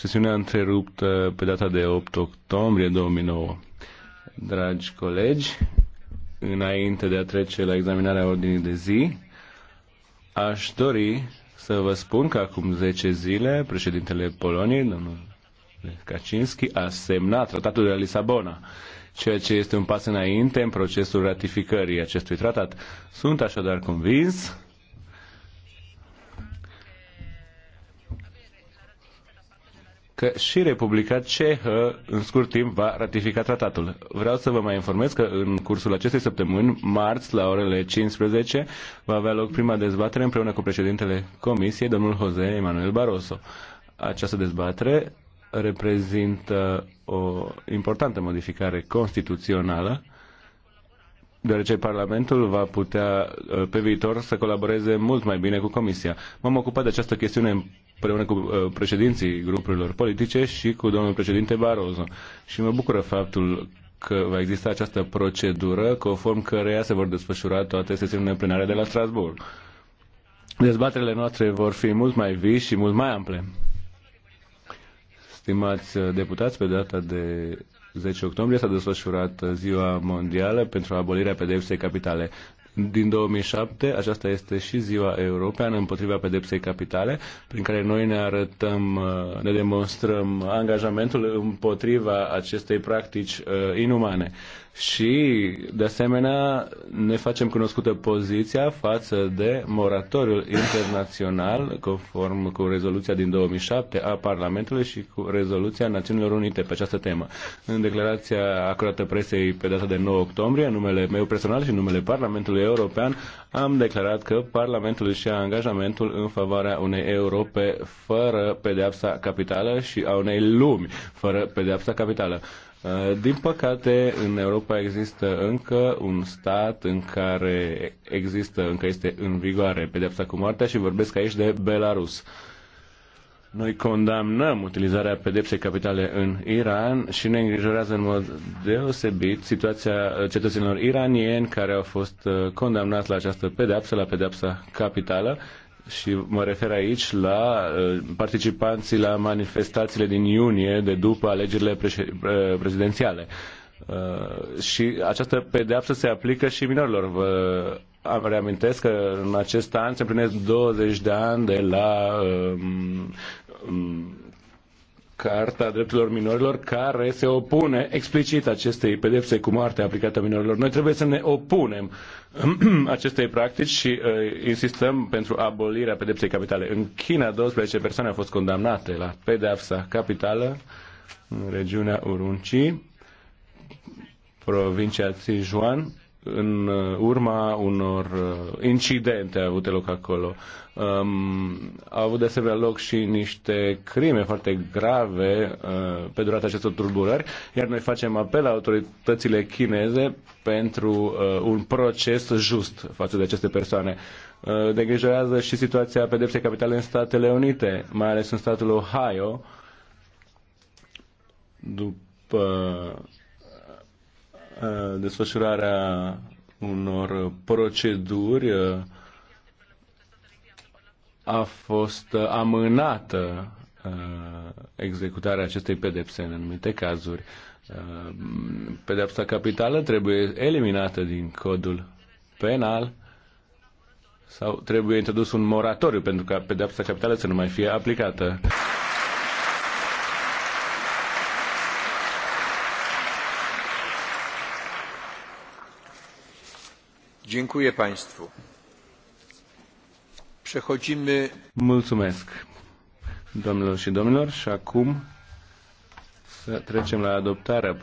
sesiunea întreruptă pe data de 8 octombrie 2009. Dragi colegi, înainte de a trece la examinarea ordinii de zi, aș dori să vă spun că acum 10 zile președintele Poloniei, domnul Kaczynski, a semnat tratatul de la Lisabona, ceea ce este un pas înainte în procesul ratificării acestui tratat. Sunt așadar convins că și Republica Cehă în scurt timp va ratifica tratatul. Vreau să vă mai informez că în cursul acestei săptămâni, marți, la orele 15, va avea loc prima dezbatere împreună cu președintele Comisiei, domnul Jose Emanuel Barroso. Această dezbatere reprezintă o importantă modificare constituțională deoarece Parlamentul va putea ă, pe viitor să colaboreze mult mai bine cu Comisia. M-am ocupat de această chestiune împreună cu ă, președinții grupurilor politice și cu domnul președinte Barroso și mă bucură faptul că va exista această procedură conform căreia se vor desfășura toate sesiunile plenare de la Strasbourg. Dezbaterile noastre vor fi mult mai vii și mult mai ample. Stimați ă, deputați, pe data de 10 octombrie s-a desfășurat Ziua Mondială pentru abolirea pedepsei capitale din 2007, aceasta este și ziua europeană împotriva pedepsei capitale, prin care noi ne arătăm, uh, ne demonstrăm angajamentul împotriva acestei practici uh, inumane. Și, de asemenea, ne facem cunoscută poziția față de moratoriul internațional, conform cu rezoluția din 2007 a Parlamentului și cu rezoluția Națiunilor Unite pe această temă. În declarația acurată presei pe data de 9 octombrie, în numele meu personal și în numele Parlamentului Parlamentului European, am declarat că Parlamentul își ia angajamentul în favoarea unei Europe fără pedeapsa capitală și a unei lumi fără pedeapsa capitală. Uh, din păcate, în Europa există încă un stat în care există, încă este în vigoare pedepsa cu moartea și vorbesc aici de Belarus. Noi condamnăm utilizarea pedepsei capitale în Iran și ne îngrijorează în mod deosebit situația uh, cetățenilor iranieni care au fost uh, condamnați la această pedepsă, la pedepsa capitală și mă refer aici la uh, participanții la manifestațiile din iunie de după alegerile prezidențiale. Și această pedeapsă se aplică și minorilor. Vă am reamintesc că în acest an se împlinesc 20 de ani de la uh, Mm, Carta Drepturilor Minorilor care se opune explicit acestei pedepse cu moarte aplicată minorilor. Noi trebuie să ne opunem acestei practici și uh, insistăm pentru abolirea pedepsei capitale. În China, 12 persoane au fost condamnate la pedepsa capitală în regiunea Urunci, provincia Sichuan, în uh, urma unor uh, incidente avute loc acolo. Um, au avut de asemenea loc și niște crime foarte grave uh, pe durata acestor turburări, iar noi facem apel la autoritățile chineze pentru uh, un proces just față de aceste persoane. Uh, degrijorează și situația pedepsei capitale în Statele Unite, mai ales în statul Ohio, după Uh, desfășurarea unor proceduri uh, a fost amânată uh, executarea acestei pedepse în anumite cazuri. Pedepsa capitală trebuie eliminată din codul penal sau trebuie introdus un moratoriu pentru ca pedepsa capitală să nu mai fie aplicată. Dziękuję Państwu. Przechodzimy... Mulțumesc, domnilor și domnilor, și acum să trecem la adoptarea